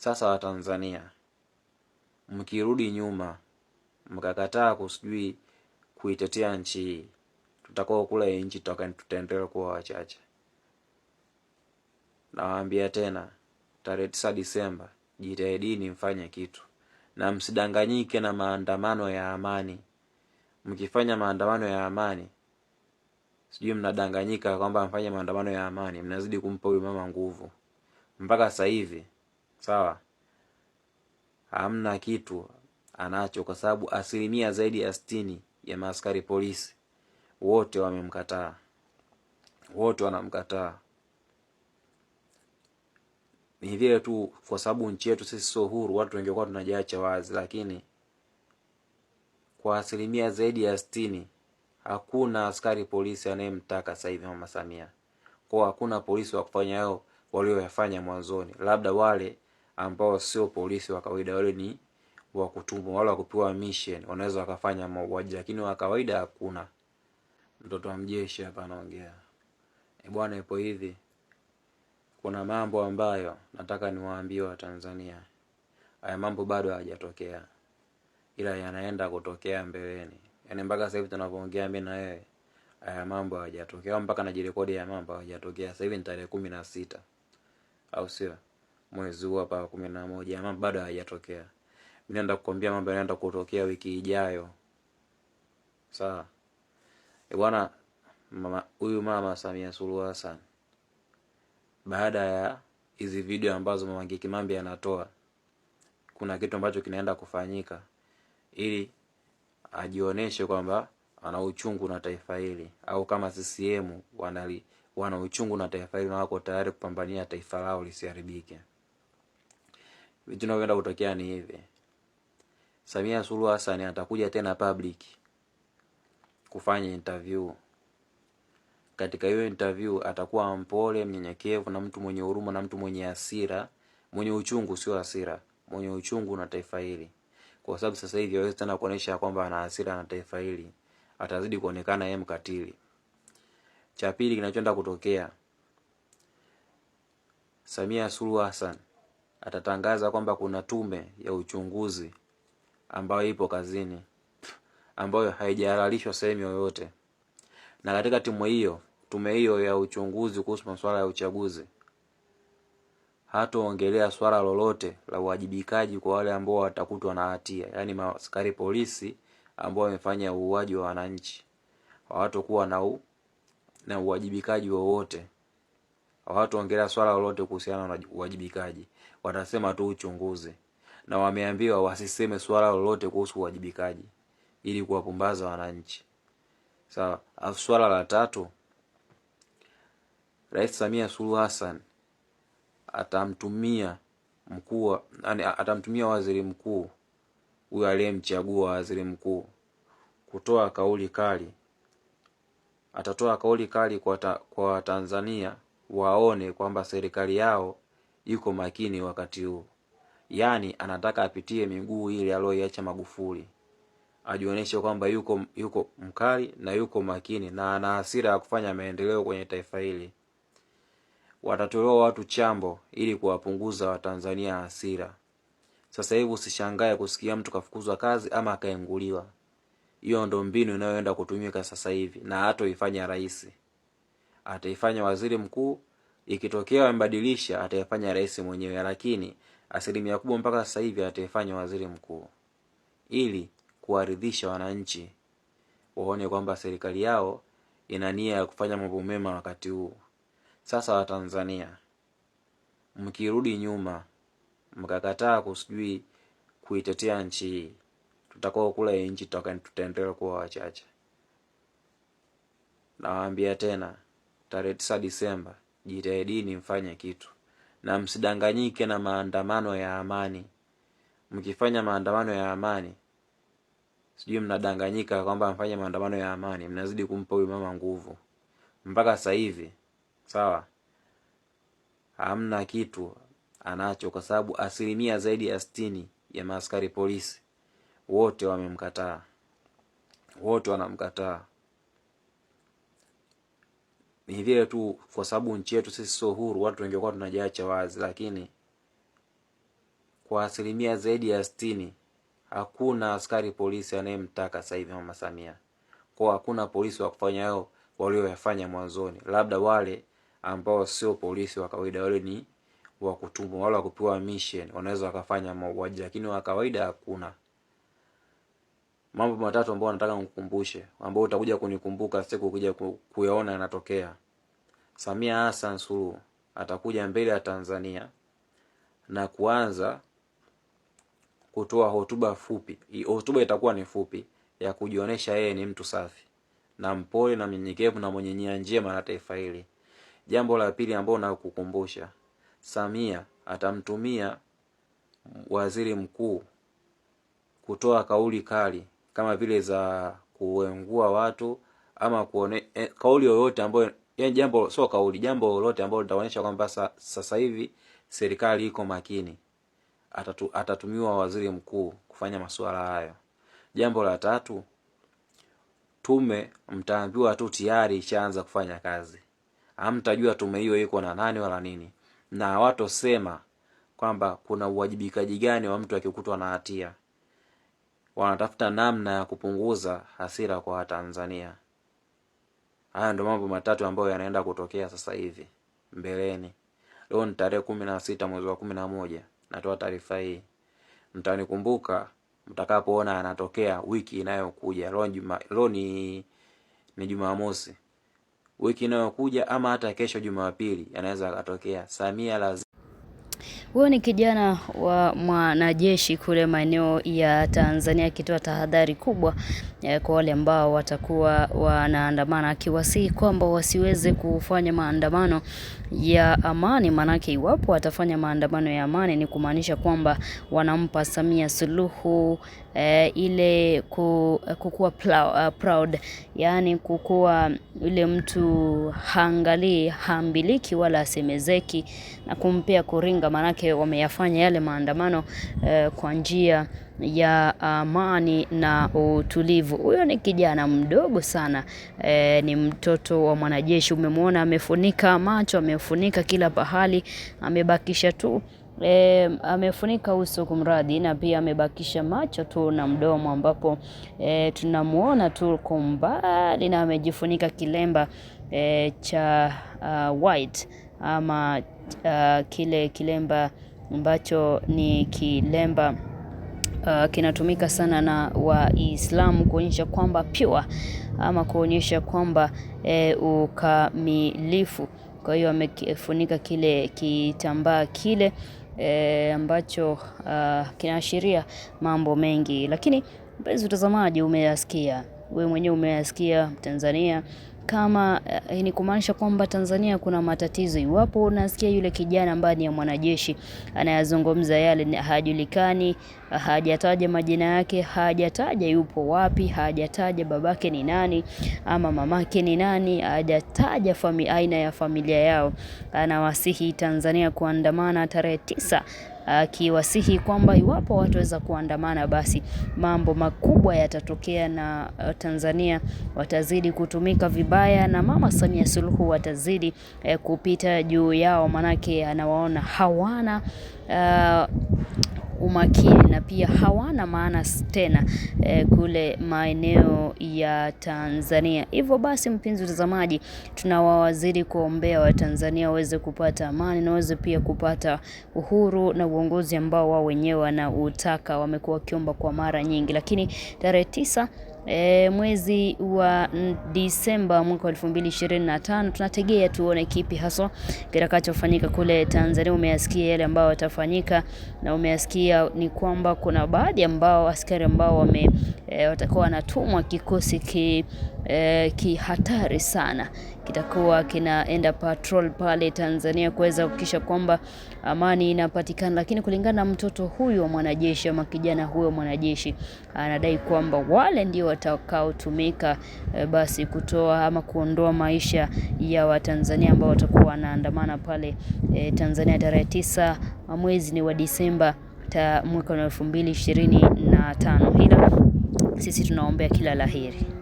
Sasa Watanzania, mkirudi nyuma mkakataa kusijui kuitetea nchi hii, tutakao kula hii nchi tutaendelea kuwa wachache. Nawaambia tena, tarehe tisa Disemba jitahidini mfanye kitu na msidanganyike na maandamano ya amani. Mkifanya maandamano ya amani, sijui mnadanganyika kwamba mfanye maandamano ya amani, mnazidi kumpa huyu mama nguvu. Mpaka sasa hivi sawa, hamna kitu anacho, kwa sababu asilimia zaidi ya sitini ya maaskari polisi wote wamemkataa, wote wanamkataa. Ni vile tu, kwa sababu nchi yetu sisi sio huru, watu wangekuwa tunajiacha wazi, lakini kwa asilimia zaidi ya sitini hakuna askari polisi anayemtaka sasa hivi Mama Samia. kwao, hakuna polisi wa kufanya yao walioyafanya mwanzoni, labda wale ambao sio polisi wa kawaida, wale ni wa kutumwa, wale wa kupewa mission, wanaweza wakafanya mauaji, lakini wa kawaida hakuna. Mtoto wa mjeshi hapa anaongea. E bwana, ipo hivi, kuna mambo ambayo nataka niwaambie Watanzania. Haya mambo bado hayajatokea, ila yanaenda kutokea mbeleni. Yaani mpaka sasa hivi tunavyoongea mimi na wewe, haya mambo hayajatokea, mpaka najirekodi, haya mambo hayajatokea. Sasa hivi ni tarehe kumi na sita, au sio? mwezi huu hapa kumi na moja mambo bado hayajatokea. Mimi naenda kukwambia mambo yanaenda kutokea wiki ijayo. Sawa eh, bwana. Mama huyu mama Samia Suluhu Hassan, baada ya hizi video ambazo mama Mange Kimambi anatoa, kuna kitu ambacho kinaenda kufanyika ili ajionyeshe kwamba ana uchungu na taifa hili, au kama CCM wanali wana uchungu na taifa hili na wako tayari kupambania taifa lao lisiharibike vitu vinavyoenda kutokea ni hivi. Samia Suluhu Hassan atakuja tena public kufanya interview. Katika hiyo interview atakuwa mpole, mnyenyekevu na mtu mwenye huruma na mtu mwenye hasira, mwenye uchungu, sio hasira, mwenye uchungu na taifa hili, kwa sababu sasa hivi hawezi tena kuonesha kwamba ana hasira na taifa hili, atazidi kuonekana yeye mkatili. Cha pili kinachoenda kutokea, Samia Suluhu Hassan atatangaza kwamba kuna tume ya uchunguzi ambayo ipo kazini ambayo haijahalalishwa sehemu yoyote, na katika timu hiyo, tume hiyo ya uchunguzi kuhusu masuala ya uchaguzi hatoongelea swala lolote la uwajibikaji kwa wale ambao watakutwa na hatia, yaani maaskari polisi ambao wamefanya uuaji wa wananchi, hawatakuwa na uwajibikaji wowote hawatuongelea swala lolote kuhusiana na uwajibikaji, watasema tu uchunguzi, na wameambiwa wasiseme swala lolote kuhusu uwajibikaji ili kuwapumbaza wananchi. Sawa. Alafu swala la tatu, Rais Samia Suluhu Hassan atamtumia mkuu, yani atamtumia waziri mkuu huyo aliyemchagua waziri mkuu kutoa kauli kali, atatoa kauli kali kwa, ta, kwa Tanzania waone kwamba serikali yao iko makini wakati huu. Yaani anataka apitie miguu ile aliyoiacha Magufuli, ajionyeshe kwamba yuko yuko mkali na yuko makini na ana hasira ya kufanya maendeleo kwenye taifa hili. Watatolewa watu chambo ili kuwapunguza Watanzania hasira. Sasa hivi usishangae kusikia mtu kafukuzwa kazi ama akaenguliwa. Hiyo ndo mbinu inayoenda kutumika sasa hivi na hatoifanya rahisi ataifanya waziri mkuu, ikitokea wamebadilisha, ataifanya rais mwenyewe, lakini asilimia kubwa mpaka sasa hivi ataifanya waziri mkuu ili kuwaridhisha wananchi waone kwamba serikali yao ina nia ya kufanya mambo mema wakati huu. Sasa Watanzania, mkirudi nyuma mkakataa kusijui kuitetea nchi hii, tutakao kula hii nchi tutaendelea kuwa wachache. Nawaambia tena tarehe tisa Disemba, jitahidini mfanye kitu na msidanganyike na maandamano ya amani. Mkifanya maandamano ya amani, sijui mnadanganyika kwamba mfanye maandamano ya amani, mnazidi kumpa huyu mama nguvu. Mpaka sasa hivi sawa, hamna kitu anacho, kwa sababu asilimia zaidi ya sitini ya maaskari polisi wote wamemkataa, wote wanamkataa. Ni vile tu kwa sababu nchi yetu sisi sio huru, watu wangekuwa tunajiacha wazi, lakini kwa asilimia zaidi ya sitini hakuna askari polisi anayemtaka sasa hivi Mama Samia. Kwa hakuna polisi wa kufanya hayo walioyafanya mwanzoni, labda wale ambao sio polisi wa kawaida, wale ni wa kutumwa, wale wa kupewa mission, wanaweza wakafanya mauaji, lakini wa kawaida hakuna mambo matatu ambayo nataka nikukumbushe, ambayo utakuja kunikumbuka siku ukija kuyaona yanatokea. Samia Hassan Suluhu atakuja mbele ya Tanzania na kuanza kutoa hotuba fupi. Hotuba itakuwa ni fupi ya kujionesha yeye ni mtu safi na mpole na mnyenyekevu na mwenye nia njema na taifa hili. Jambo la pili ambalo nakukumbusha, Samia atamtumia waziri mkuu kutoa kauli kali kama vile za kuengua watu ama kuone, eh, kauli yoyote ambayo yani jambo sio kauli, jambo lolote ambalo litaonyesha kwamba sasa hivi serikali iko makini. Atatu, atatumiwa waziri mkuu kufanya masuala hayo. Jambo la tatu, tume mtaambiwa tu tayari ishaanza kufanya kazi, hamtajua tume hiyo iko na nani wala nini, na hawatosema kwamba kuna uwajibikaji gani wa mtu akikutwa na hatia wanatafuta namna ya kupunguza hasira kwa Watanzania. Haya ndio mambo matatu ambayo yanaenda kutokea sasa hivi mbeleni. Leo ni tarehe kumi na sita mwezi wa kumi na moja natoa taarifa hii, mtanikumbuka mtakapoona yanatokea wiki inayokuja. Leo ni ni Jumamosi, wiki inayokuja ama hata kesho Jumapili yanaweza akatokea Samia lazima huyo ni kijana wa mwanajeshi kule maeneo ya Tanzania akitoa tahadhari kubwa eh, kwa wale ambao watakuwa wanaandamana, akiwasihi kwamba wasiweze kufanya maandamano ya amani, maanake iwapo watafanya maandamano ya amani ni kumaanisha kwamba wanampa Samia Suluhu eh, ile eh, kukuwa eh, proud, yaani kukuwa ule mtu haangalii, haambiliki wala asemezeki na kumpea kuringa, maanake wameyafanya yale maandamano eh, kwa njia ya amani na utulivu. Huyo ni kijana mdogo sana e, ni mtoto wa mwanajeshi. Umemwona amefunika macho, amefunika kila pahali, amebakisha tu e, amefunika uso kumradi, na pia amebakisha macho tu na mdomo, ambapo e, eh, tunamwona tu kwa mbali na amejifunika kilemba e, cha uh, white ama uh, kile kilemba ambacho ni kilemba uh, kinatumika sana na Waislamu kuonyesha kwamba pure ama kuonyesha kwamba e, ukamilifu. Kwa hiyo amefunika kile kitambaa kile e, ambacho uh, kinaashiria mambo mengi, lakini mpenzi mtazamaji, umeyasikia wewe mwenyewe, umeyasikia Tanzania kama eh, ni kumaanisha kwamba Tanzania kuna matatizo. Iwapo unasikia yule kijana ambaye ni mwanajeshi anayazungumza yale, hajulikani, hajataja majina yake, hajataja yupo wapi, hajataja babake ni nani ama mamake ni nani, hajataja aina ya familia yao, anawasihi Tanzania kuandamana tarehe tisa akiwasihi kwamba iwapo watu waweza kuandamana, basi mambo makubwa yatatokea na uh, Tanzania watazidi kutumika vibaya na Mama Samia Suluhu watazidi eh, kupita juu yao, manake anawaona hawana uh, umakini na pia hawana maana tena e, kule maeneo ya Tanzania. Hivyo basi, mpenzi mtazamaji, tunawawaziri kuombea Watanzania waweze kupata amani na waweze pia kupata uhuru na uongozi ambao wao wenyewe wanautaka, wamekuwa wakiomba kwa mara nyingi, lakini tarehe tisa E, mwezi wa Disemba mwaka wa 2025 tunategea tuone kipi haswa kitakachofanyika kule Tanzania. Umeyasikia yale ambayo yatafanyika na umeyasikia ni kwamba kuna baadhi ambao askari ambao wame e, watakuwa wanatumwa kikosi ki eh, kihatari sana. Kitakuwa kinaenda patrol pale Tanzania kuweza kuhakikisha kwamba amani inapatikana, lakini kulingana na mtoto huyo mwanajeshi ama kijana huyo mwanajeshi anadai kwamba wale ndio watakaotumika eh, basi kutoa ama kuondoa maisha ya Watanzania ambao watakuwa wanaandamana pale eh, Tanzania tarehe tisa ah, mwezi ni wa Disemba mwaka wa elfu mbili ishirini na tano. Hilo sisi tunaombea kila laheri.